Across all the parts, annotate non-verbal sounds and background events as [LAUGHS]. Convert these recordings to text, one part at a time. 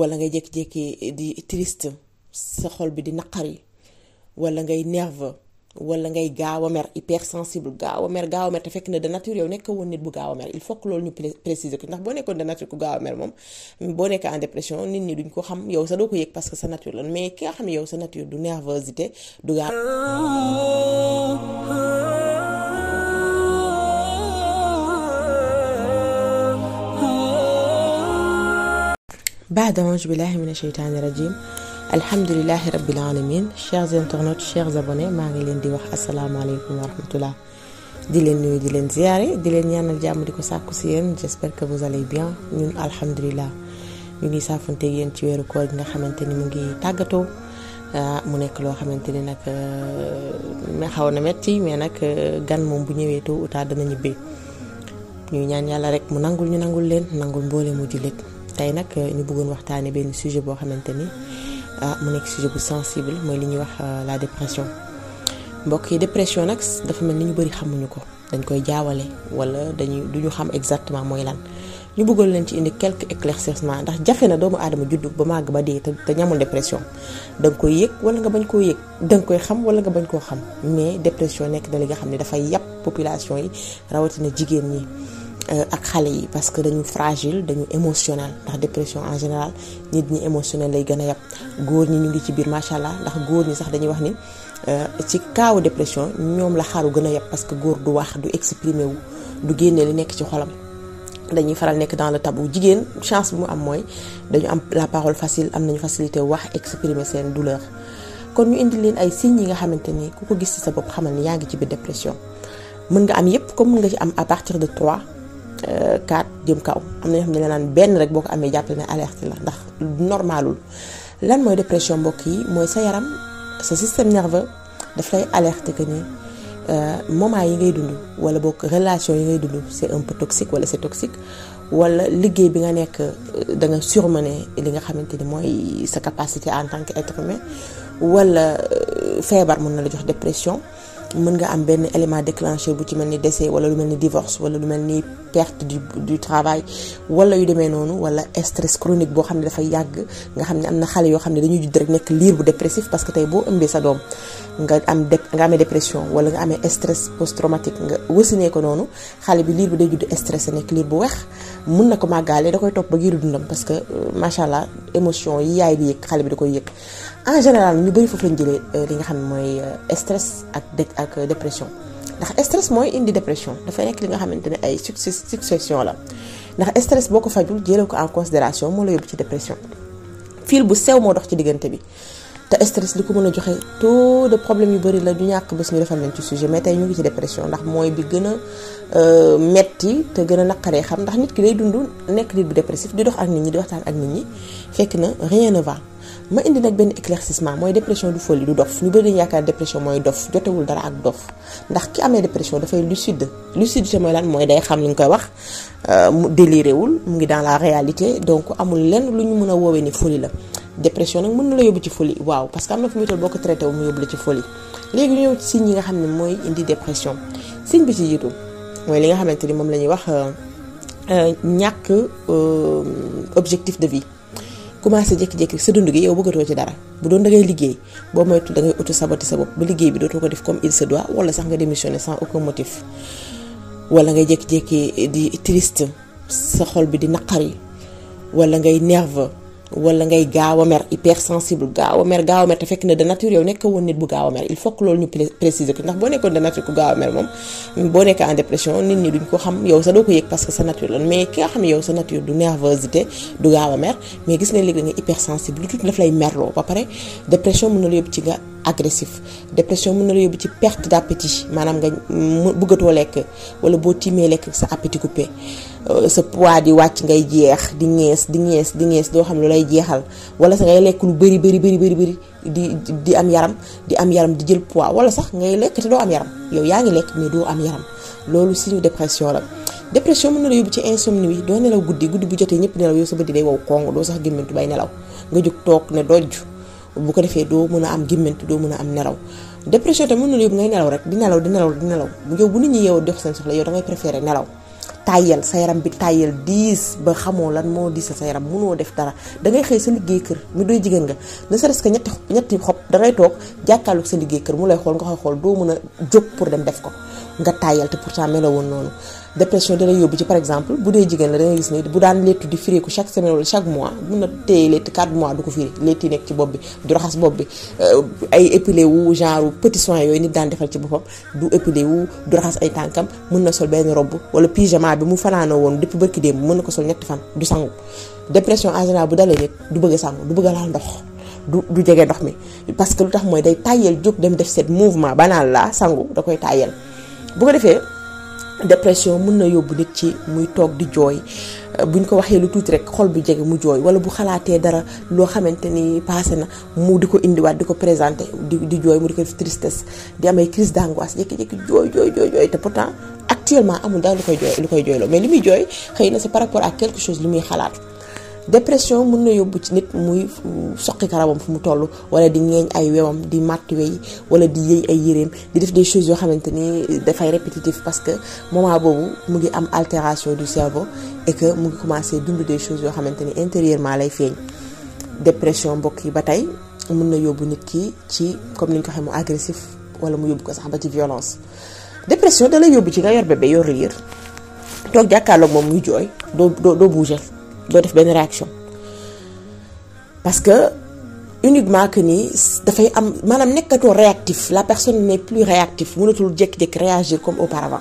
wala ngay jékki-jékki di triste sa xol bi di naqari wala ngay nerveux wala ngay gaaw a mer hypersensible gaaw a mer gaaw a mer te fekk na de nature yow nekk woon nit bu gaaw a mer il faut que loolu ñu préciser ko ndax boo nekkoon de nature ku gaaw a mer moom boo nekk en dépression nit ñi duñ ko xam yow sa doo ko yëg parce que sa nature la mais ki nga xam ne sa nature du nervosité du gaaw oh, oh. baad aouzu billahi mina sheytaani rajim alhamdulilahi rabbil alamin chers internautes chers abonnés maa ngi leen di wax asalaamaaleykum wa rahmatullah di leen nuyu di leen ziyaare di leen ñaanal jàmm di ko sàkku si yéen j'espère que vous allez bien ñun alhamdulilah ñu ngi saafante yéen ci weeru koor gi nga xamante ni mu ngi tàggatoo ah, mu nekk loo xamante ni nag euh, xaw na metti mais nag euh, gan moom bu ñëwee tôt ou tard dana ñibbee ñuy ñaan yàlla rek mu nangul ñu nangul leen nangul mboole mu jullit tey nag euh, ñu buggoon waxtaanee benn sujet boo xamante ni ah mu nekk sujet sensible mooy li ñuy wax euh, la dépression mbokk yi dépression nag dafa mel ni ñu bëri xamuñu ko dañ koy jaawale wala dañuy du xam exactement mooy lan ñu bëggoon leen ci indi quelques éclaircissements ndax jafe na doomu aadama juddu ba màgg ba dee te te ñamul dépression da nga koy wala nga bañ koo yëg koy xam wala nga bañ koo xam mais dépression nekk na li nga xam ne dafay yàpp population yi rawatina jigéen ñi. Euh, ak xale yi parce que dañu fragile dañu émotionnel ndax dépression en général nit ñi émotionnel lay gën a yab góor ñi ñu ngi ci biir macha allah ndax góor ñi sax dañuy wax ni euh, ci kaaw dépression ñoom la xaru gën a yab parce que góor du wax du exprimer wu du génne li nekk ci xolam. dañuy faral nekk dans le tabou jigéen chance bi mu am mooy dañu am la parole facile am nañu facilité wax exprimer seen douleur kon ñu indi leen ay signes yi nga xamante ni ku ko gis sa bopp xamal ni yaa ngi ci biir dépression mën nga am yépp comme mën nga ci am à partir de 3. kaat jëm kaw am na ñoo xam ne dañ naan benn rek boo ko amee jàppale ne alerte la ndax normalul lan mooy dépression mbokk yi mooy sa yaram sa système nerveux daf lay alerte que ni euh, moment yi ngay dund wala bokk relation yi ngay dund c'est un peu toxique wala c'est toxique wala liggéey bi nga nekk euh, da nga surmené li nga xamante ni mooy sa capacité en tant qu'être humain walla euh, feebar mun na la jox dépression mën nga am benn élément déclencheur bu ci mel ni décès wala lu mel ni divorce wala lu mel ni perte du du travail wala yu demee noonu wala stress chronique boo xam ne dafay yàgg nga xam ne am na xale yoo xam ne dañuy judd rek nekk liir bu dépressif parce que tey boo ëmbee sa doom nga am nga amee dépression wala nga amee stress post traumatique nga wasinee ko noonu xale bi liir bu day judd stressé nekk liir bu weex mun na ko màggaale da koy topp ba giiru dundam parce que euh, macha allah émotion yi yaay di xale bi da koy yëg en général ñu bëri foofu lañ jëlee euh, li nga xam ne mooy euh, stress ak ak euh, dépression ndax stress mooy indi dépression dafay nekk li nga xamante ne ay succession la ndax stress boo ko fajul jëlee ko en considération moo la yóbbu ci dépression fil bu sew moo dox ci diggante bi te stress li ko mën a joxe taux de problème yu bëri la du ñàkk bés ñu defal leen ci sujet ñu ngi ci dépression ndax mooy bi gën a metti te gën a naqaree xam ndax nit ki day dund nekk nit bu dépressif di dox ak nit ñi di waxtaan ak nit ñi fekk na rien ne va ma indi nag benn éclaircissement mooy dépression du folie du dof ñu bëri yaakaar dépression mooy dof jotewul dara ak dof ndax ki amee dépression dafay lucide lucidité mooy lan mooy day xam li ñu koy wax euh, mu déliré wul mu ngi dans la réalité donc amul lenn lu ñu mën a woowee ni folie la. dépression nag mën na la yóbbu ci folie waaw parce que am na fu muy toll boo ko traité wu mu yóbbu la ci folie léegi ñëw ci yi nga xam ne mooy indi dépression signe bi ci jiitu mooy li nga xamante ni moom la ñuy wax euh, euh, ñàkk objectif de vie. commencé jékki-jékki sa dund gi yow bëggatoo ci dara bu doon da ngay liggéey boo moytu da ngay auto saboté sa bopp ba liggéey bi dootoo ko def comme il se doit wala sax nga démissionné sans aucun motif ngay jékki-jékki di triste sa xol bi di naqari wala ngay nerveux wala ngay gaaw a mer hypersensible gaaw a mer gaaw a mer te fekk na de nature yow nekk woon nit bu gaaw a mer il faut que loolu ñu préciser ko ndax boo nekkoon de nature ku gaaw a mer moom boo nekkee en dépression nit ñi duñ ko xam yow sa doo ko yëg parce que sa nature la mais ki nga xam ne sa nature du nervosité du gaaw a mer mais gis nga léegi da nga hypersensible lu tuuti daf lay merloo ba pare dépression mën na la yóbbu ci nga agressif dépression mën na la yóbbu ci perte d' appétit maanaam nga bëggatoo lekk wala boo tiimee lekk sa appétit coupé euh, sa poids di wàcc ngay jeex di ñees di ñees di ñees doo xam lu lay jeexal wala sa lekk lu bëri bëri bëri bëri bëri di di am yaram di am yaram di jël poids wala sax ngay lekk te doo am yaram yow yaa ngi lekk mais doo am yaram loolu signe dépression la. dépression mën na la yóbbu ci insomnie yi doo nelaw guddi guddi bu jotee ñëpp nelaw yow sa bët day wow kong doo sax gémmantu bay nelaw nga jóg toog ne dojj. bu ko defee doo mën a am gémmant doo mën a am nelaw dépression tamit mën na yóbbu ngay nelaw rek di nelaw di nelaw di nelaw yow bu nit ñi yow def seen soxla yow da ngay préféré nelaw tàyyel sa yaram bi tàyyel diis ba xamoo lan moo diisal sa yaram mënoo def dara da ngay xëy sa liggéey kër mu doy jigéen nga ne sa ce que ñetti ñetti xob da toog jàkkaarloog sa liggéey kër mu lay xool nga koy xool doo mën a jóg pour dem def ko nga tàyyel te pourtant meloo woon noonu dépression dana yóbbu ci par exemple bu dee jigéen la da nga gis ne bu daan léttu di fireeku chaque semaine wala chaque mois mun na téye létt 4 mois du ko firi létt yi nekk ci bopp bi du raxas bopp bi euh, ay épilé wu genre petit soin yooyu nit daan defal ci boppam du épilé wu du raxas ay tànkam mun na sol benn robb wala pyjama bi mu fanaanoo woon depuis barki démb mën na ko sol ñetti fan du sangu dépression en général bu dalee nit du bëgg a sangu bëgg a laal ndox du du jege ndox mi parce que lu tax mooy day tàyyeel jóg dem def set mouvement banaan la sangu da koy tàyyeel bu ko dépression mën na yóbbu nit ci muy toog di jooy bu ñu ko waxee lu tuuti rek xol bu jege mu jooy wala bu xalaatee dara loo xamante ni passé na mu di ko indiwaat di ko présenté di di jooy mu di ko def tristesse di am ay crise d'angoisse jékki-jékki jooy jooy jooy jooy te pourtant actuellement amul daal lu koy jooy lu koy jooyloo mais li muy jooy xëy na si par rapport à quelque chose li muy xalaat dépression mun na yóbbu ci nit muy soqi karawam fu mu toll wala di ngeen ay wewam di màtt wey wala di yëy ay yéreem di def des choses yoo xamante ni dafay répétitif parce que moment boobu mu ngi am altération du cerveau et que mu ngi commencé dund des choses yoo xamante ni intérieurement lay feeñ dépression mbokk yi ba tey mën na yóbbu nit ki ci comme ni ñu ko waxee mu agressif wala mu yóbbu ko sax ba ci violence dépression da yóbbu ci nga yor ba yor liir toog jàkkaarloog moom muy jooy doo doo doo doo def benn réaction parce que uniquement que ni dafay am maanaam nekkatoo réactif la personne n'est plus réactif mënatul jékki-jékki réagir comme auparavant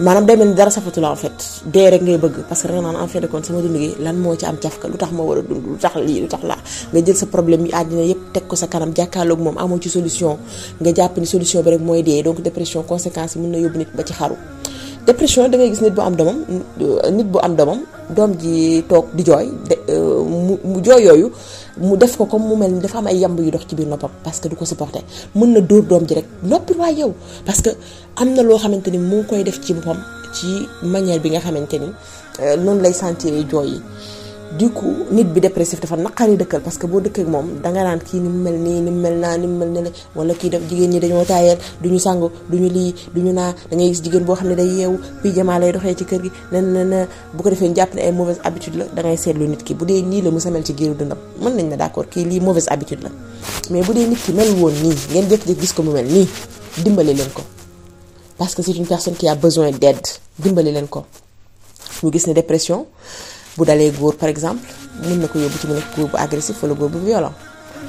maanaam day mel ni dara safatu la en fait dee rek ngay bëgg parce que da en fait de compte sama dund gi lan moo ci am cafka lu tax ma war a dund lu tax lii lu tax laa nga jël sa problème yi àddina yépp teg ko sa kanam jàkkaarloog moom amoo ci solution nga jàpp ni solution bi rek mooy dee donc dépression conséquence yi mën na yóbbu dépression da gis nit bu am doomam nit bu am doomam doom ji toog di jooy euh, mu mu jooy yooyu mu def ko comme mu mel ni dafa am ay yamb yu dox ci biir noppam parce que du ko supporté mën na dóor doom ji rek noppi waay yow parce que am na loo xamante ni mu ngi koy def ci boppam ci manière bi nga xamante ni euh, noonu lay sentir jooy yi du coup nit bi dépressif dafa naqari dëkkal parce que boo dëkkeek moom danga naan kii ni mu mel nii ni mu mel naa ni mu mel ne wala kii daf jigéen ñi dañoo taayal du ñu sangu du ñu lii du ñu naa da ngay gis jigéen boo xam ne day yeewu pyjama lay doxee ci kër gi na na na bu ko defee ne ay mauvaise habitude la da ngay seetlu nit ki bu dee nii la mu samel ci géeru dundam mën nañ na d'accord kii lii mauvaise habitude la mais bu dee nit ki mel woon nii ngeen jékki-jékki gis ko mu mel nii dimbali leen ko parce que c'est une personne qui a besoin d'aide dimbali leen ko ñu gis ne dépression bu dalee góor par exemple mën na ko yóbbu ci mu nekk góor bu agressif wala góor bu violent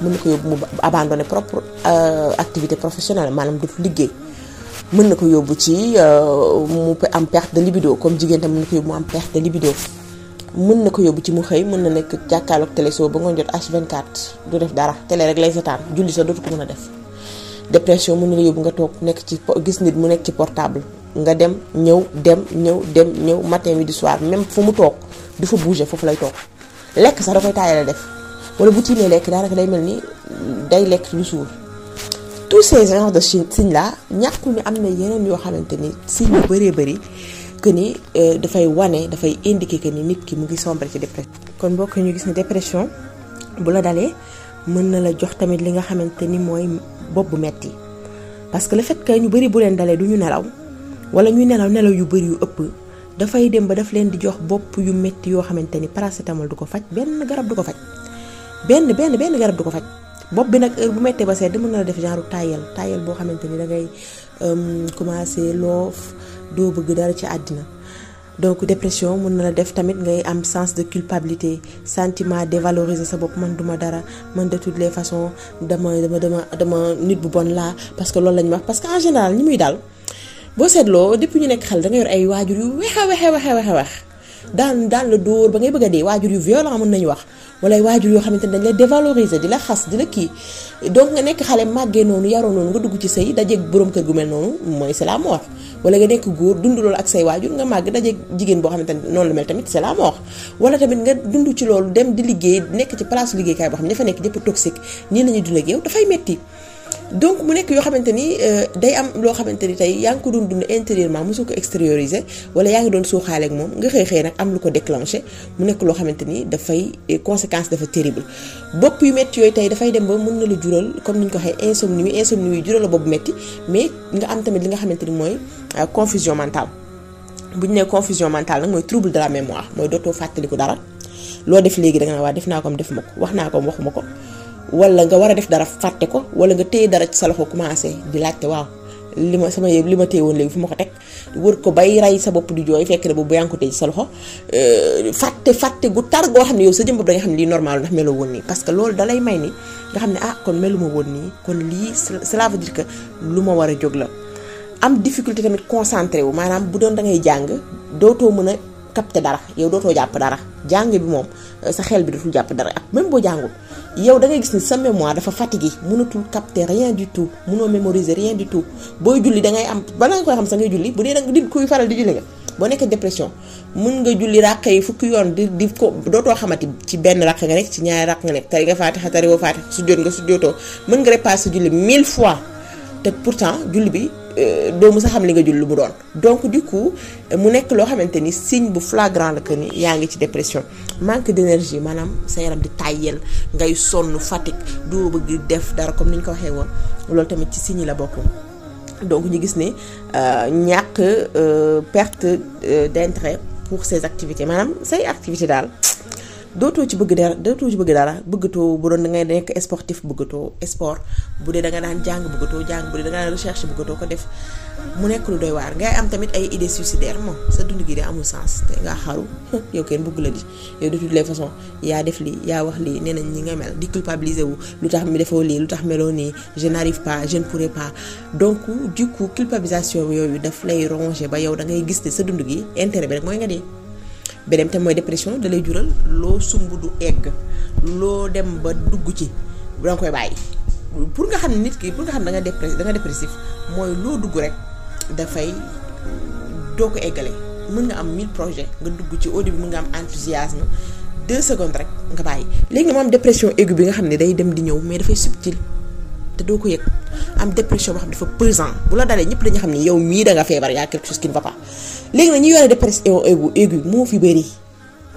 mën na ko yóbbu mu abandonné propre euh, activité professionnelle maanaam mën na ko yóbbu ci euh, mu am perte de libido comme jigéen tam mën na ko yóbbu mu am perte de libido mën na ko yóbbu ci mu xëy mën na nekk jàkkaarloog télé soo ba ngoon jot H24 du def dara télé rek lay seetaan julli sa dootu ko mën a def dépression mën na la yóbbu nga toog nekk ci gis nit mu nekk ci portable nga dem ñëw dem ñëw dem ñëw matin midi soir même fu mu toog du fa bouger foofu lay toog lekk sax da koy taayal def wala bu tiimee lekk daanaka day mel ni day lekk lu suur tous ces genres de signes là ñàkkul ni am na yeneen yoo xamante ni signes yu bëree bëri que ni euh, dafay wane dafay indiquer que ni nit ki mu ngi sombre ci dépression. kon mbokk ñu gis ni dépression bu la dalee mën na la jox tamit li nga xamante ni mooy bopp bu metti parce que le fait ñu bëri bu leen dalee du ñu nelaw. wala ñuy nelaw nelaw yu bëri yu ëpp dafay dem ba daf leen di jox bopp yu métti yoo xamante ni paracétamol du ko faj benn garab du ko faj benn benn benn garab du ko faj bopp bi nag bu méttee ba sedd mën na def genre tayal tayal boo xamante ni da ngay euh, commencé loof doo bëgg dara ci àddina donc dépression mën na la def tamit ngay am sens de culpabilité sentiment dévaloriser sa bopp man duma dara man de toutes de façons dama dama dama dama nit bu bon laa parce que loolu lañ wax parce que en général ñi muy daal boo seetloo depuis ñu nekk xel da yor ay waajur yu weex a weex a weex a daan daan la dóor ba ngay bëgg a dee waajur yu violent mën nañu wax wala waajur yoo xamante ne dañ lay dévaloriser di la xas di kii donc nga nekk xale màggee noonu yaroo noonu nga dugg ci sëy dajeeg borom kër gu mel noonu mooy c'est la mort wala nga nekk góor dund loolu ak say waajur nga màgg dajeeg jigéen boo xam ne noonu la tamit c'est wala tamit nga dund ci loolu dem di liggéey nekk ci place liggéeykaay boo xam ne dafa nekk ñëpp toxique nii la ñuy dund dafay metti donc mu nekk yoo xamante ni euh, day am loo xamante ni tey yaa ngi ko doon dund intérieurement mosoo ko extériorise wala yaa ngi doon suuxaale ak moom nga xëy xëy nag am lu ko déclenché mu nekk loo xamante ni dafay euh, conséquence dafa terrible bopp yu métti yooyu tey dafay dem ba mën na la jural comme ni ñu ko waxee insomnie insomnie yu jural la boobu métti mais nga am tamit li nga xamante ni mooy euh, confusion mentale bu ñu nee confusion mentale nag mooy trouble de la mémoire mooy dootoo fàttaliku dara loo def léegi da waa def naa ko am def ma ko wax naa ko waxuma ko wala nga war a def dara fàtte ko wala nga téye dara ci sa loxo commencé di laajte waaw li ma sama yëpp li ma téye woon léegi fu ma ko teg wër ko bay ray sa bopp di jooy fekk ne boobu yaa ngi ko téye ci sa loxo euh, fàtte fàtte gu tar goo xam ne yow sa jëm bopp da nga xam ne lii normal ndax meloo woon nii parce que loolu dalay may ni nga xam ne ah kon melu ma woon nii kon lii cela veut dire que lu ma war a jóg la am difficulté tamit concentré wu maanaam bu doon da ngay jàng dootoo mën a capter dara yow dootoo jàpp dara jàng bi moom euh, sa xel bi dootul jàpp dara ak même boo jàngul yow da ngay gis ni sa mémoire dafa fatigué mënatul capter rien du tout mënoo mémoriser rien di tout booy julli dangay am balaa nga koy xam sa ngay julli bu dee nag di kuy faral di julli nga boo nekkee dépression mën nga julli ràkk yi fukki yoon di di ko dootoo xamati ci benn ràkk nga nekk ci ñaari ràkk nga nekk tari nga faatixa tari woo faatixa su jot nga su jotoo mën nga repasser julli mille fois te pourtant julli bi. Euh, doo mës a xam li nga jul lu mu doon donc du coup mu nekk loo xamante ni signe bu flagrant la que ni yaa ngi ci dépression manque d'énergie maanaam sa yaram di tàyyel ngay sonn fatigue doo bëgg def dara comme ni ñu ko waxee woon loolu tamit ci signe la bokk donc ñu gis ne euh, ñàkk euh, perte d'intérêt pour ses activités maanaam say activités daal dootoo ci bëgg dara dootoo ci bëgg dara bëggatoo bu doon da ngay nekk sportif bëggatoo sport bu dee da nga daan jàng bëggatoo jàng bu dee da nga daan recherche bëggatoo ko def mu nekk lu doy waar ngay am tamit ay idées suicidaires sa dund gi de amul sens te nga xaru [LAUGHS] yow kenn bugg la di yow de toutes les façons yaa def li yaa wax li nee nañ ñi nga mel di culpabiliser wu lu tax mi defoo lii lu tax meloo ni je n'arrive pas je ne donc du coup culpabilisation yooyu daf lay ronger ba yow da ngay gis ne sa dund gi intérêt bi rek mooy nga dee. beneen tam mooy dépression da lay jural loo sumb du egg loo dem ba dugg ci da koy bàyyi pour nga xam nit kii pour nga xam ne da nga dépre da nga mooy loo dugg rek dafay doo ko eggale mën nga am mille projets nga dugg ci au début nga am enthousiasme deux secondes rek nga bàyyi léegi nga am dépression aiguë bi nga xam ne day dem di ñëw mais dafay subtil te doo ko yëg am dépression boo xam dafa pesant bu la dalee ñëpp dañu xam ni yow mii da nga feebar yaa quelque chose qui ne va pas léegi nag ñu yore dépression aiguë moo fi bëri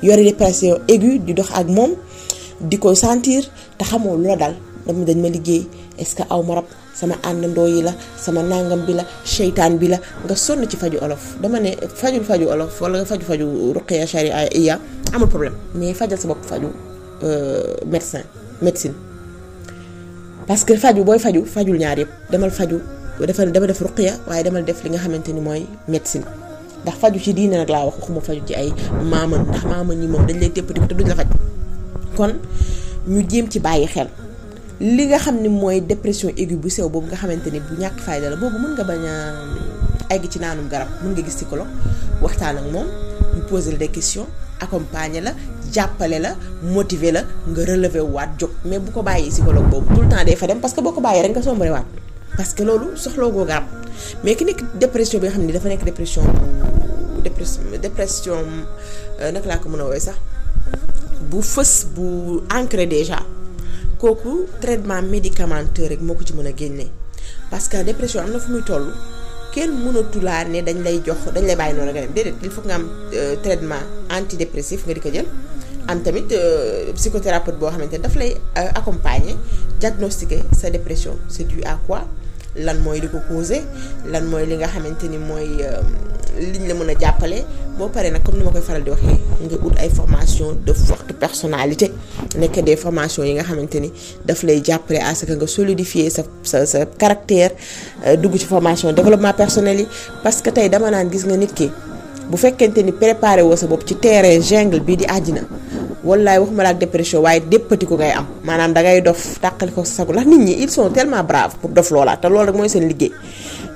yore dépression aiguë di dox ak moom di ko sentir te xamoo lu la dal dama dañ ma liggéey est-ce que aw ma rab sama àndandoo yi la sama nangam bi la seytaan bi la nga sonn ci faju olof dama ne fajul faju olof wala faju faju faju ruqiya sharia iya amul problème mais fajal sa bopp faju euh, médecin médecine parce que faju booy faju fajul ñaar yëpp demal faju defal dama def ruqiya waaye demal def li nga xamante ni mooy médecine ndax faju ci diine nag laa wax waxuma faju ci ay maaman ndax maaman ñi moom dañ lay tépp te duñ la faj kon ñu jéem ci bàyyi xel li nga xam ni mooy dépression aiguë bu sew boobu nga xamante ni bu ñàkk fayda la boobu mën nga bañ a egg ci naanum garab mën nga gis kolo waxtaan ak moom ñu poser des questions accompagner la jàppale la motiver la nga relever waat jóg mais bu ko bàyyi psychologue boobu tout temps day fa dem parce que boo ko bàyyee rek nga sombre waat parce que loolu soxloo goo garab mais ki nekk dépression bi nga xam ne dafa nekk dépression dépression euh, naka laa ko mën a woy sax bu fës bu ancré déjà kooku traitement médicamenteux rek moo ko ci mën a génnee parce que dépression am na fu muy toll. kenn mënatulaa ne dañ lay jox dañ lay bàyyi noonu nga dem déedéet il faut nga am euh, traitement antidépressif nga di ko jël am tamit euh, psychothérapeute boo xamante ne daf lay euh, accompagner diagnostiquer sa dépression c'est dû à quoi lan mooy li ko causé lan mooy li nga xamante ni mooy li ñu la mën a jàppale boo paree nag comme ni ma koy faral di waxee nga ut ay formation de forte personnalité nekk des formation yi nga xamante ni daf lay jàppale à ce nga solidifier sa sa sa euh, dugg ci formation développement personnel yi parce que tey dama naan gis nga nit ki bu fekkente ni préparé woo sa bopp ci terrain jungle bii di àddina wallaay waxuma la ak dépression waaye déppati ko ngay am maanaam dangay dof tàqali ko sagu ndax nit ñi ils sont tellement braves pour dof loolaa te loolu rek mooy seen liggéey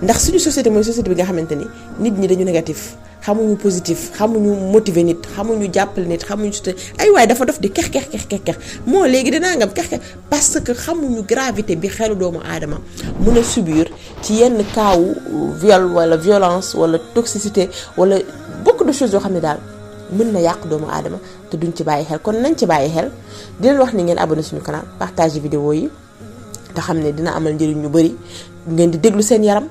ndax suñu société mooy nga xamante ni nit ñi dañu négatif xamuñu positif xamuñu motiver nit xamuñu jàppale nit xamuñu su ay waaye dafa dof di kex kex kex kex kex moo léegi dinaa ngam kex kex parce que xamuñu gravité bi xelu doomu aadama mun a subir ci yenn kaawu euh, viol wala violence wala toxicité wala beaucoup de choses xam ne daal mën na yàq doomu aadama te duñ ci bàyyi xel kon nañ ci bàyyi xel di ni ngeen abonné suñu canal partage vidéo yi te xam ne dina amal njëriñ ñu bëri ngeen di déglu seen yaram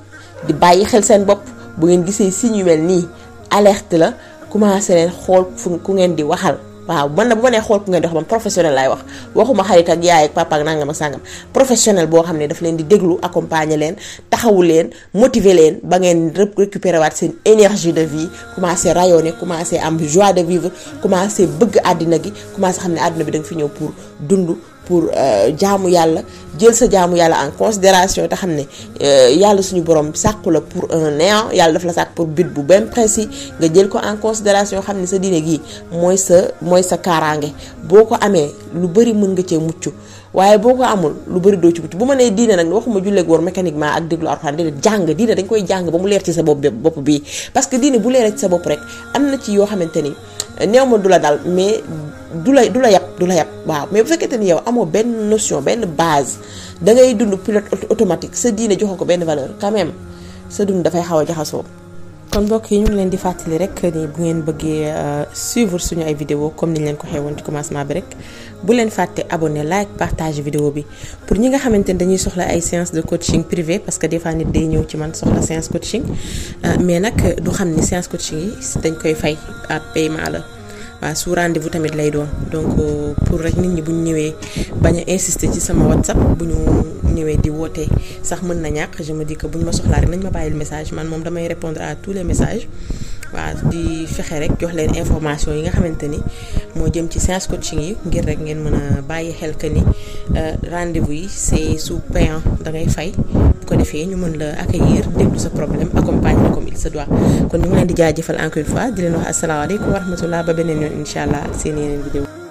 di bàyyi xel seen bopp bu ngeen gisee signes yu mel nii alerte la commencé leen xool fu ku ngeen di waxal waaw man na bu ma xool ku ngeen di wax man professionnel laay wax waxuma xarit ak yaay ak papa ak nangam ak sàngam professionnel boo xam ne dafa leen di déglu accompagner leen taxawu leen motiver leen ba ngeen récupérer waat seen énergie de vie commencé rayonner commencé am joie de vivre commencé bëgg àddina gi commencé xam ne àddina bi da nga fi ñëw pour dund pour euh, jaamu yàlla jël sa jaamu yàlla en considération te xam ne euh, yàlla suñu borom sàkku la pour un néant yàlla daf la sàkk pour bit bu benn précis nga jël ko en considération xam ne sa diine gii mooy sa mooy sa kaaraange boo ko amee lu bëri mën nga cee mucc waaye boo ko amul lu bëri doo ci mucc bu ma nee diine nag waxuma julleeg woor mécaniquement ak déglu alxuraan déedéet jàng diine dañ koy jàng ba mu leer ci sa bopp bopp bii parce que diine bu leer sa bopp rek am na ci yoo xamante ni néew ma du la dal mais du la du la yab du la yab waaw mais bu fekkente ni yow amoo benn notion benn base da ngay dund pilote automatique sa diine joxoo ko benn valeur quand même sa dund dafay xaw a jaxasoo. kon bokk yi ñu ngi leen di fàttali rek ni bu ngeen bëggee euh, suivre suñu ay vidéo comme niñ leen ko xewoon ci commencement bi rek bu leen fàtte abonné like partage vidéo bi pour ñi nga xamante ni dañuy soxla ay séance de coaching privé parce que des fois nit day ñëw ci man soxla séance coaching euh, mais nag du xam ni séance coaching yi dañ koy fay ab paiement la. waaw su rendez tamit lay doon donc euh, pour rek nit ñi bu ñu ñëwee bañ a insister ci sama whatsapp bu ñu ñëwee di wootee sax mën na ñàkk je me dis ma soxlaa rek nañ ma bàyyil message man moom damay répondre à tous les messages waa di fexe rek jox leen information yi nga xamante ni moo jëm ci séance coaching yi ngir rek ngeen mën a bàyyi xel que ni euh, rendez-vous yi c'est sous payant da ngay fay bu ko defee ñu mën la accueillir déglu sa problème accompagner comme il se doit kon ñu ngi leen di jaajëfal encore une fois di leen wax asalaamaaleykum wa rahmatullah ba beneen yoon incha allah seen yeneen vidéo